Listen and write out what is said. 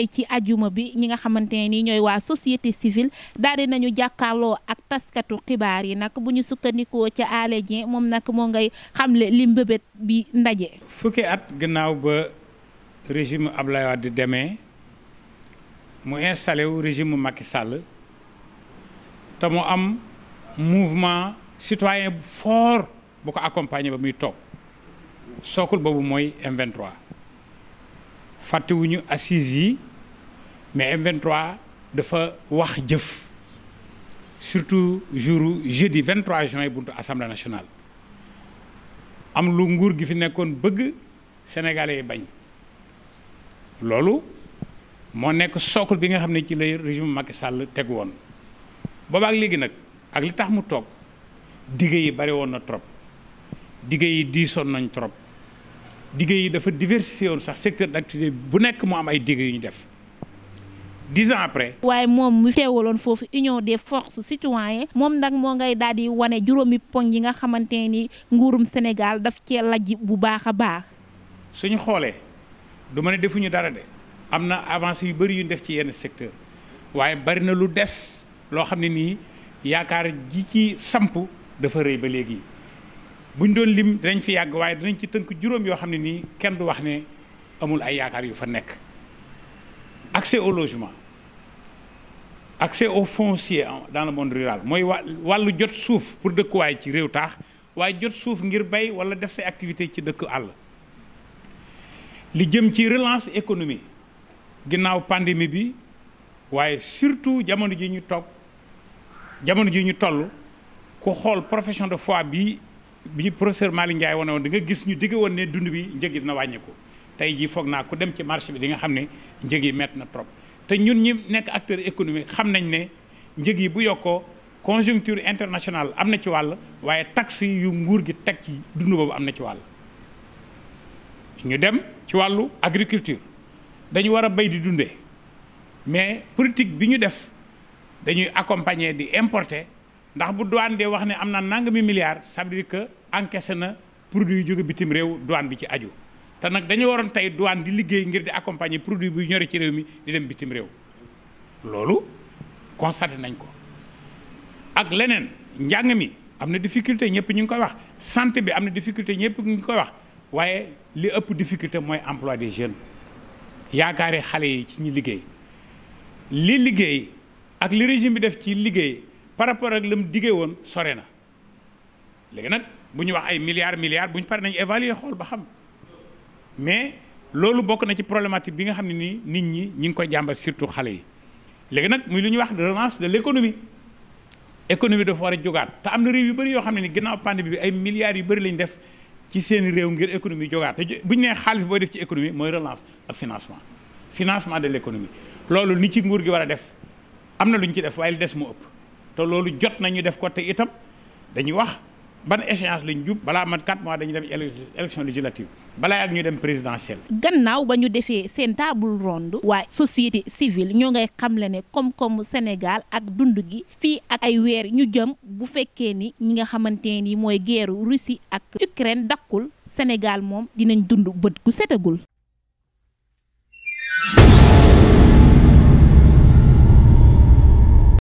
tey ci ajuma bi ñi nga xamante ne ni ñooy waa société civile daal di nañu jàkkaarloo ak taskatu xibaar yi nag bu ñu sukkandikoo ca Alé Dieng moom nag moo ngay xamle li mbëbët bi ndaje. fukki at gannaaw ba régime Abdoulaye Wade demee mu installé wu régime Macky Sall te mu am mouvement citoyen fort bu ko accompagner ba muy toog sookul boobu mooy m fàttewuñu assise yi. mais M23 dafa wax jëf surtout jour jeudi 23 juin buntu assemblée nationale am lu nguur gi fi nekkoon bëgg sénégalais yi bañ loolu moo nekk socle bi nga xam ne ci lay régime Macky sàll teg woon ak léegi nag ak li tax mu toog digge yi bari woon na trop digge yi diisoon nañ trop digge yi dafa diversifié woon sax secteur d'activité bu nekk moo am ay digge yu ñu def dix ans après. waaye moom mu teewaloon foofu union des forces citoyennes moom nag moo ngay daal di wane juróomi poñ yi nga xamante ni nguurum Sénégal daf cee lajj bu baax a baax. suñu xoolee du ne defuñu dara de am na avancé yu bëri yuñ def ci yenn secteur waaye bari na lu des loo xam ne nii yaakaar ji ci samp dafa rëy ba léegi buñ doon lim dañ fi yàgg waaye dinañ ci tënk juróom yoo xam ne nii kenn du wax ne amul ay yaakaar yu fa nekk. accès au logement accès au foncier dans le monde rural mooy wa wàllu jot suuf pour dëkkuwaay ci réew taax waaye jot suuf ngir bay wala def se activité ci dëkk àll li jëm ci relance économie ginnaaw pandémie bi waaye surtout jamono ji ñu toog jamono ji ñu toll ku xool profession de foi bi bi professeur Malick Ndiaye wane woon da nga gis ñu digg woon ne dund bi njëg na wàññeeku. tey jii foog naa ku dem ci marché bi di nga xam ne njëg yi métti na trop te ñun ñi nekk acteur économique xam nañ ne njëg yi bu yokkoo conjoncture international am na ci wàll waaye taxe yu nguur gi teg ci dund boobu am na ci wàll ñu dem ci wàllu agriculture dañu war a béy di dundee mais politique bi ñu def dañuy accompagner di importer ndax bu douane dee wax ne am na nangami milliards ça veut que encaissé na produit yu jóge bitim réew douane bi ci aju te nag dañu waroon tey douane di liggéey ngir di accompagner produit bu ñore ci réew mi di dem bitim réew loolu constaté nañ ko ak leneen njàng mi am na difficulté ñëpp ñu ngi koy wax sant bi am na difficulté ñëpp ñu ngi koy wax waaye li ëpp difficulté mooy emploi des jeunes yaakaare xale yi ci ñi liggéey li liggéey ak li régime bi def ci liggéey par rapport ak mu diggee woon sore na léegi nag bu ñu wax ay milliards milliards bu ñu paree nañu évaluer xool ba xam mais loolu bokk na ci problématique bi nga xam ne nii nit ñi ñi ngi koy jàmbat surtout xale yi léegi nag muy lu ñu wax relance de l' économie économie dafa war a jógaat te am na réew yu bëri yoo xam ne ni ginnaaw pandémie bi ay milliards yu bëri lañu def ci seen réew ngir économie jógaat te bu ñu nee xaalis booy def ci économie mooy relance ak financement financement de léconomie économie loolu ni ci nguur gi war a def am na lu ñu ci def waaye li des mu ëpp te loolu jot nañu def ko te itam dañuy wax ban échéance lañ jub balaa mat 4 mois dañuy dem élection législative balaa ak ñu dem présidentielle. gannaaw ba ñu defee seen table ronde. waaye société civile ñoo ngay xamle ne koom-koomu Sénégal ak dund gi fii ak ay weer ñu jëm bu fekkee ni ñi nga xamante ni mooy guerre Russie ak Ukraine dakkul Sénégal moom dinañ dund bët gu setagul.